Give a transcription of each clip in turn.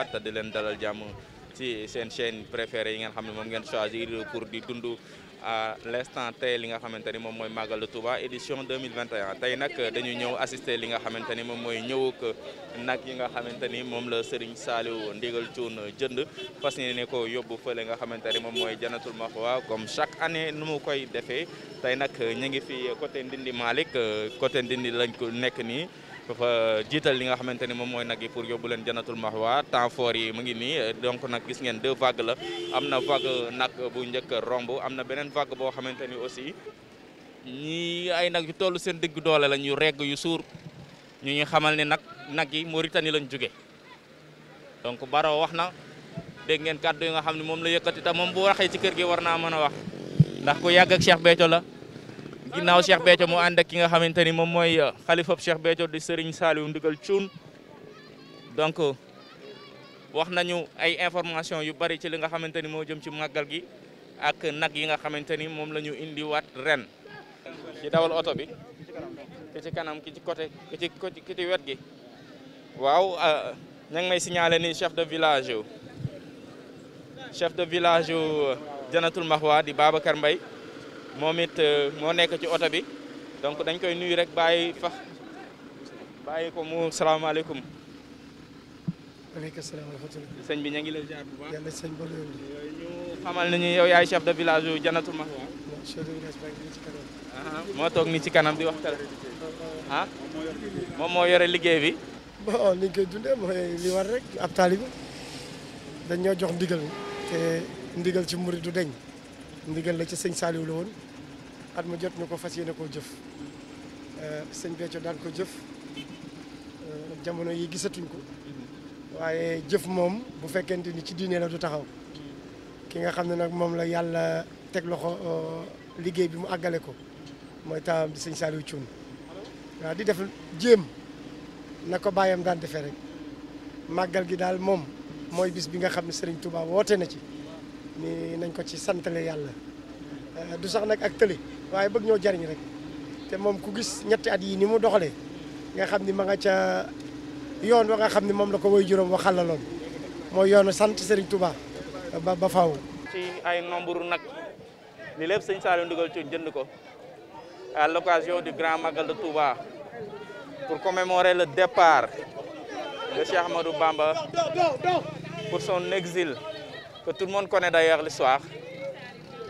waat te di leen dalal jàmm ci seen chaîne préférée yi ngeen xam ne moom ngeen choisir pour di dund à l'instant tey li nga xamante ni moom mooy Màggalu Touba édition 2021 tey nag dañu ñëw assister li nga xamante ni moom mooy ñëwuk nag yi nga xamante ni moom la Serigne Saliou Ndigal Thioune jënd fas yéene ko yóbbu fële nga xamante ni moom mooy Janatul Mahwa comme chaque année nu mu koy defee tey nag ñu ngi fi coté Ndindi Malick coté Ndindi lañ ko nekk nii fa jiital li nga xamante ni moom mooy nag yi pour yóbbu leen janatul mahwa temps foor yi mu ngi nii donc nag gis ngeen deux vagues la am na vague nag bu njëkk romb am na beneen vague boo xamante ni aussi ñi ay nag yu toll seen digg doole la ñu regg yu suur ñu ñu xamal ne nag nag yi ni lañ jóge donc Baro wax na dégg ngeen kàddu yi nga xam ne moom la yëkkati te moom bu waxee ci kër gi war naa mën a wax ndax ku yàgg ak Cheikh la ginnaaw Cheikh Béthio mu ànd ak ki nga xamante ni moom mooy euh, xalifab Cheikh Béthio di Serigne Saliou Ndigal Thioune donc euh, wax nañu ay information yu bari ci li nga xamante ni moo jëm ci màggal gi ak nag yi nga xamante ni moom la ñu indiwaat ren. ci dawal oto bi ki ci kanam ki ci côté ki wet gi waaw euh, ña ngi may signalé ni chef de village chef de village Janatul Mahwa di Babacar mbay moom it euh, moo nekk ci oto bi donc dañ koy nuyu rek bàyyi fax bàyyi ko mu salaamaaleykum. waaleykum salaam wa rahmatulah. sëñ bi ña ngi lay ziar bu baax yàlla sëñ Bolo ñu xamal nañu yow yaay chef de village yu Jannatul Mahwa. moo toog ni ci kanam di waxtaan. ah moom moo yore liggéey bi. bon ni koy dundee mooy li war rek ab taalibe dañ ñoo jox ndigal te ndigal ci murid du deñ ndigal la ci sëñ Saliou la woon. at mu jot ñu ko fas yéene koo jëf mm-hmm. euh, sëñ Béthio daan ko jëf euh, jamono yi gisatuñ ko mm-hmm. waaye jëf moom bu fekkente ni ci diine la du taxaw mm-hmm. ki nga xam ne nag moom la yàlla teg loxo euh, liggéey bi mu àggale ko mooy taawam sëñ Saliou Thioune waa di def jéem na ko bàyyam daan defee rek màggal gi daal moom mooy bis bi nga xam ne sëriñ Touba woote na ci ni nañ ko ci santale yàlla du sax nag ak tëli waaye bëgg ñëw jariñ rek te moom ku gis ñetti at yi ni mu doxalee nga xam ni ma nga ca yoon wa nga xam ni moom la ko way juróom waxal la lool mooy yoonu sant Serigne Touba ba ba ci ay nombre nag li lépp sëñ Saliou Ndigal ci jënd ko à l'occasion du grand magal de Touba pour commémorer le départ de Cheikh Ahmadou Bamba pour son exil que tout le monde connaît d'ailleurs l'histoire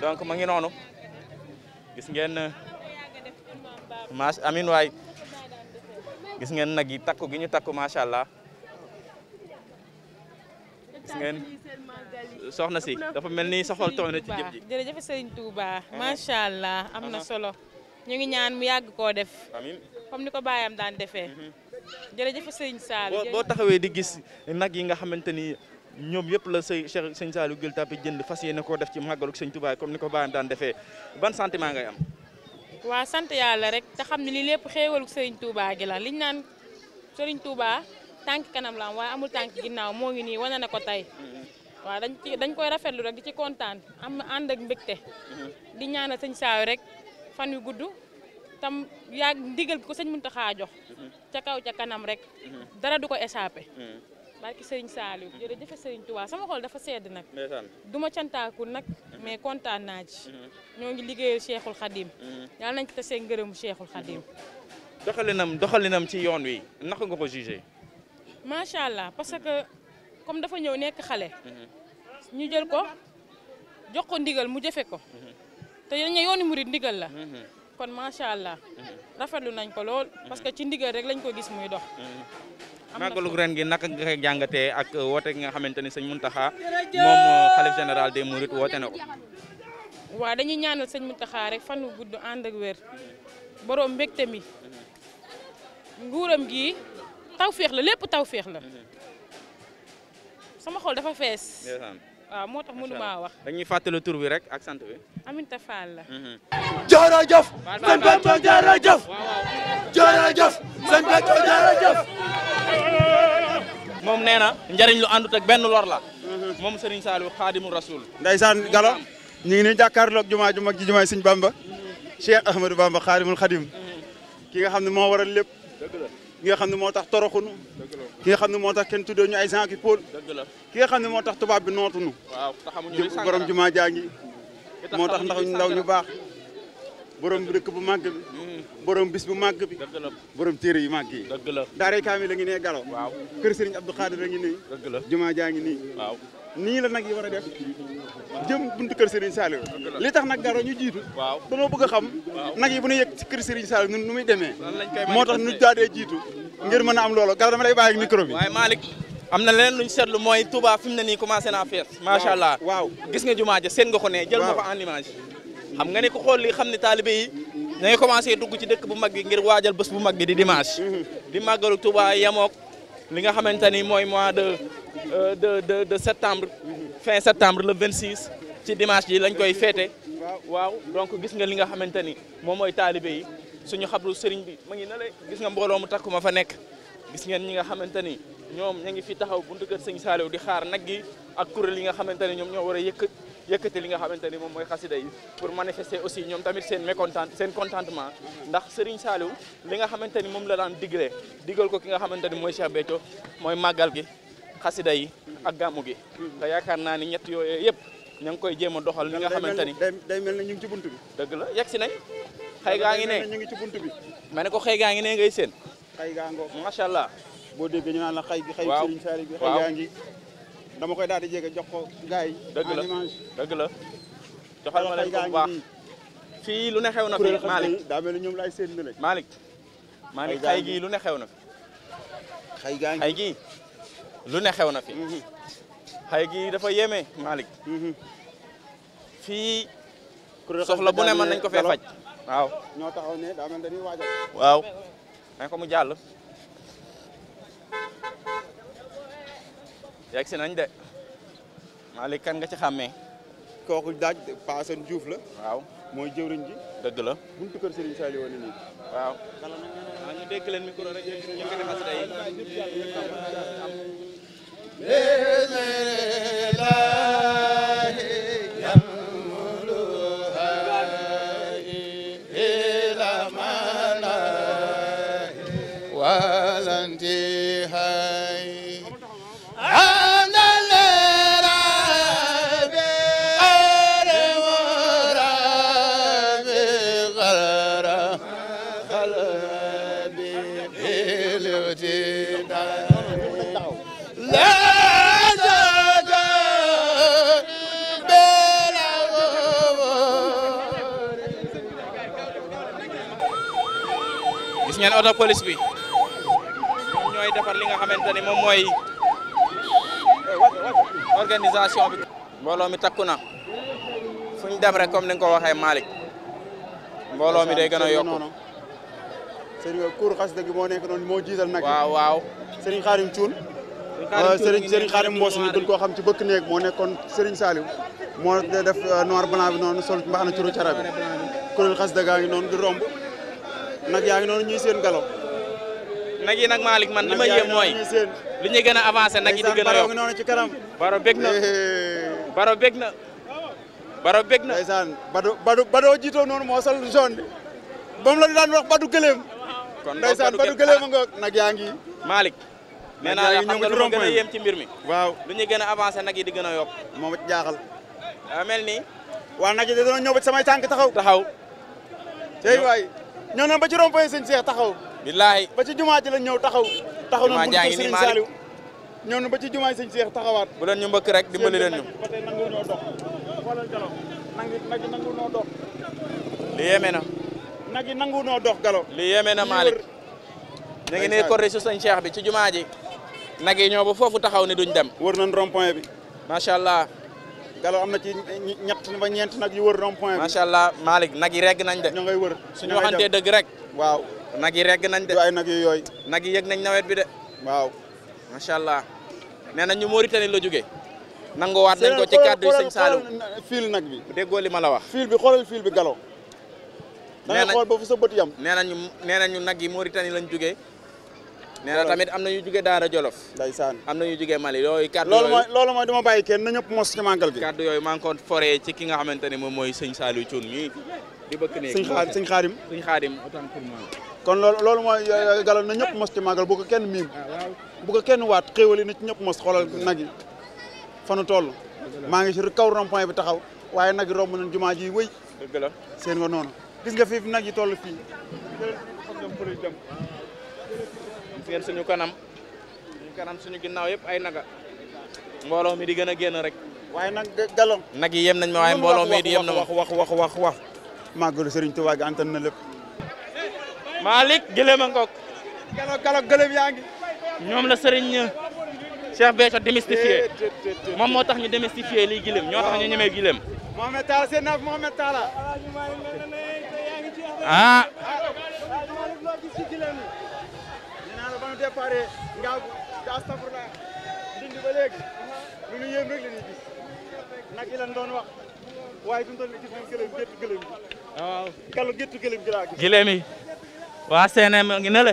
donc ma ngi noonu. gis ngeen macha amin waay ngeen nag yi takku gi ñu takku macha allah gis ngeen soxna si dafa mel ni soxol tooy na ci jëf ji jërëjëf Serigne allah am na solo ñu ngi ñaan mu yàgg koo def amin comme ni ko baayam daan defee mhm. jërëjëf Serigne Sall boo taxawee di gis nag nga xamante ni ñoom yëpp la say Cheikh sëñ Saliou Gueule Tapée jënd fas yéene koo def ci màggalu sëñ Touba comme ni ko baayam daan defee ban sentiment ngay am. waa sant yàlla rek te xam ne li lépp xéewalu sëriñ Touba gi la liñ naan sëriñ Touba tànk kanam la am amul tànk ginnaaw moo ngi nii wane na ko tey. Mm-hmm. waaw dañ ci dañ koy rafetlu rek di ci kontaan am ànd ak mbégte mm-hmm. di ñaanal sëñ Saliou rek fan wi gudd tam yàgg ndigal bi ko sëñ Mountakha jox mm-hmm. ca kaw ca kanam rek dara du ko échappé barki sëriñ Saliou jërëjëf sëriñ Touba sama xol dafa sedd nag du ma cantaakul nag mais kontaan naa ci mhm. ñoo ngi liggéeyal Cheikhul Khadim mhm. yàlla nañ ci tasee ngërëmu Cheikhul Khadim mhm. doxalinam doxalinam ci yoon wi naka nga ko jugé macha allah parce que comme dafa ñëw nekk xale ñu jël ko jox ko ndigal mu jëfe ko te yéen ña yoonu murid ndigal la kon macha allah rafetlu nañ ko lool parce que ci ndigal rek lañ ko gis muy dox màggalu ren gi naka nga jàngatee ak woote ki nga xamante ni sëñ Muntaxa moom xalif euh, général des Mourides woote na ko. waaw dañuy ñaanal sëñ Muntaxa rek fan wu gudd ànd ak wér boroom mbégte mi nguuram gi taw féex la lépp taw féex la sama xol dafa fees. waaw moo tax mënu maa wax. dañuy fàttali tur bi rek ak sant bi. Aminta Fall la. Mhm. jërëjëf. sëñ Bethio jërëjëf. jërëjëf. sëñ Bethio jërëjëf. moom nee na njariñ lu àndut ak benn lor la moom Serigne Saliou xaadimu rasul ndeysaan galo ñu ngi ni jàkkaarloog jumaa ju mag ji jumaay Serigne Bamba Cheikh Ahmadou Bamba xaadimul xadim ki nga xam ne moo waral lépp ki nga xam ne moo tax toroxunu ki nga xam ne moo tax kenn tuddee ñu ay gens ki pôle ki nga xam ne moo tax tubaab bi nootunu waaw borom jumaa jaa ngi moo tax ndax ñu ndaw ñu baax borom dëkk bu màgg bi mm. borom bis bu màgg bi dëgg la borom téere yu màgg yi dëgg la daaray kaamil la ngi nee galo waaw kër Serigne Abdou Khadir la ngi jumaa jaa ngi ni waaw nii la nag yi war a def jëm buntu kër Serigne Saliou li tax nag garo ñu jiitu waaw dañoo bëgg a xam nag yi bu ñu yegg ci kër Serigne Saliou nun nu muy demee moo tax nu daadee jiitu ngir mën a am loolo garo dama lay bàyyi ak micro bi waaye am na leneen lu ñu seetlu mooy Touba fi mu ne nii commencé naa fees macha allah waaw gis nga jumaa ja seen nga ko ne jël nga xam nga ne ko xool li xam ne taalibe yi dañuy commencé dugg ci dëkk bu mag bi ngir waajal bés bu mag bi di dimanche. di màggalu Touba yamook li nga xamante ni mooy mois de euh, de de de septembre. fin septembre le 26. ci dimanche ji lañ koy féete. waaw donc gis nga li nga xamante ni moom mooy taalibe yi suñu xabru sëriñ bi ma ngi na gis nga mbooloo mu takku ma fa nekk. gis ngeen ñi nga xamante ni ñoom ña ngi fi taxaw buntu kër sëñ Saaliw di xaar nag gi ak kuréel yi nga xamante ni ñoom ñoo war a yëkk. yëkkati li nga xamante ni moom mooy xasida yi pour manifester aussi ñoom tamit seen mécontent seen contentement ndax Serigne Saliou li nga xamante ni moom la daan digle digal ko ki nga xamante ni mooy Cheikh Béthio mooy màggal gi xasida yi ak gàmmu gi te yaakaar naa ni ñett yooyu yëpp ña ngi koy jéem a doxal li nga xamante ni day mel na ñu ngi ci bunt bi dëgg la yegg si nañ xëy gaa ngi ne ñu ngi ci bunt bi ma ne ko xëy gaa ngi ne ngay seen xëy gaa macha allah boo déggee ñu naan na xëy gi xëy Serigne Saliou gi xëy gaa ngi dama koy daal di jege jox ko gars yi. dëgg la dëgg la joxal ma fii lu ne xew na fi Malick daa laay seen ne Malick Malick xay gii lu ne xew na fi. xay gaa ngi lu ne xew na fi. Mhm. dafa yéeme Malick. Mhm. fii soxla bu ne mën nañ ko fee faj. waaw ñoo taxaw ne daa mel dañuy waajal. waaw nañ ko mu jàll. yegg si nañ de Malick kan nga ci xàmmee. kooku daaj Paasan Diouf la. waaw mooy jëwriñ ji. dëgg la buntu kër Serigne Saliou woon nii. waaw. waaw gis ngeen oto police bi ñoom ñooy defar li nga xamante moom mooy organisation bi. mbooloo mi takku na fu ñu dem rek comme ni nga ko waxee Malick mbooloo mi day gën a yokku. sëriñ Kour xas dëgg moo nekk noonu moo jiital nag. waaw waaw sëriñ Xaarim Cuun. sëriñ sëriñ Xaarim Mboos euh, mi gën koo xam ci bëkk néeg moo nekkoon sëriñ Saliou. moo def euh, noir blanc bi noonu sol mbaxana ci ru cara bi kuréel xas dëggaa ngi noonu di romb. nag yaa ngi noonu ñuy seen galo nag yi nag Malick man li ma yéem mooy li ñu gën a avancé nag yi di gën a yokk noonu ci kanam baro bég na baro bég na baro bég na ndeysaan bado bado badoo jiitoo noonu moo sol jaune bi ba mu la daan wax badu gëléem kon ndeysaan badu gëléem a ngoog nag yaa ngi Malick nee naa la xam nga lu ma gën a yéem ci mbir mi waaw lu ñu gën a avancé nag yi di gën a yokk moom ci jaaxal daa mel ni waa nag yi da doon ñëw ba samay tànk taxaw taxaw tey waay ñoo na ba ci rond-point sëñ Cheikh taxaw billaahi ba ci jumaa ji lañ ñëw taxaw taxaw na bu sëñ Saliou ñoo na ba ci jumaa sëñ Cheikh taxawaat bu ñu mbëkk rek dimbali ñu ba tey nangu ñoo dox xoolal galo nag nag noo dox li yéeme na nag yi nangu noo dox galo li yéeme na Malick ñu ngi ne corré su bi ci jumaa ji nag yi ñoo ba foofu taxaw ne duñ dem wër nañ rond-point bi macha allah galo am na ci ñett ba ñeent nag yu wër rond point bi. macha allah Malick nag yi regg nañ de. ñoo ngay wër suñu waxantee dëgg rek. waaw nag yi reg nañ de. waaye nag yu yooyu. nag yi nañ nawet bi de. waaw. macha allah nee na ñu Mauritanie la jógee. nanguwaat nañ ko ci kàddu yi sëñ Saalum fiil nag bi. déggoo li ma la wax. fiil bi xoolal fiil bi galaw. nee nañ da nga sa bët yam. nee nañu nee nañu nag yi Mauritanie lañ jógee. nee na tamit am na ñu jóge Daara Jolof ndeysaan am na ñu jóge Mali yooyu kàddu yooyu loolu mooy loolu mooy duma bàyyi kenn na ñëpp mos ci màggal gi kàddu ne moom mooy sëñ Saliou Thioune mii di bëkk nekk sëñ xaadim sëñ xaadim sëñ xaadim kon loolu mooy galon na ñëpp mos ci màggal bu ko kenn miim ah, bu ko kenn waat xéewali na ci ñëpp mos xoolal nag fanu toll maa ngi ci kaw rond point bi taxaw waaye nag yi romb nañ jumaa ji wëy seen nga noonu gis nga fii nag yi toll fii gis ngeen suñu kanam suñu kanam suñu ginnaaw yëpp ay naga mbooloo mi di gën a génn rek. waaye nag galon nag yi yem nañ ma waaye mbooloo mi di yem na wax wax wax wax wax. màggalu Serigne Touba gi antan na lépp. Malick gëlëm a ngok. galo galo gëlëm yaa ngi. ñoom la Serigne Cheikh Béthio démystifié eh, moom moo tax ñu démystifié lii gëlëm ñoo tax ñu ñemee gëlëm. Mohamed Talla seen naaf Mohamed Talla. ah. départ nga astafurla dindi ba la ñuy gis nag yi lañ doon wax waaye fi mu toll nii gis nañ gëlëm gétt gëlëm gi waaw gàllu waa CNM ngi ne le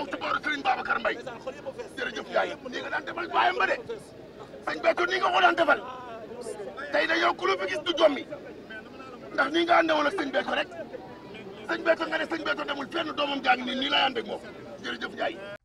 moom ci booru Serigne Babacar Mbaye jërëjëf yaay nii nga daan defal baayam ba de sëñ Béthio nii nga ko daan defal tey de yow ku la fi gis du jommi ndax nii nga àndewoon ak sëñ Béthio rek sëñ Béthio nga ne sëñ Béthio demul fenn doomam jàng nii nii lay ànd ak moom jërëjëf yaay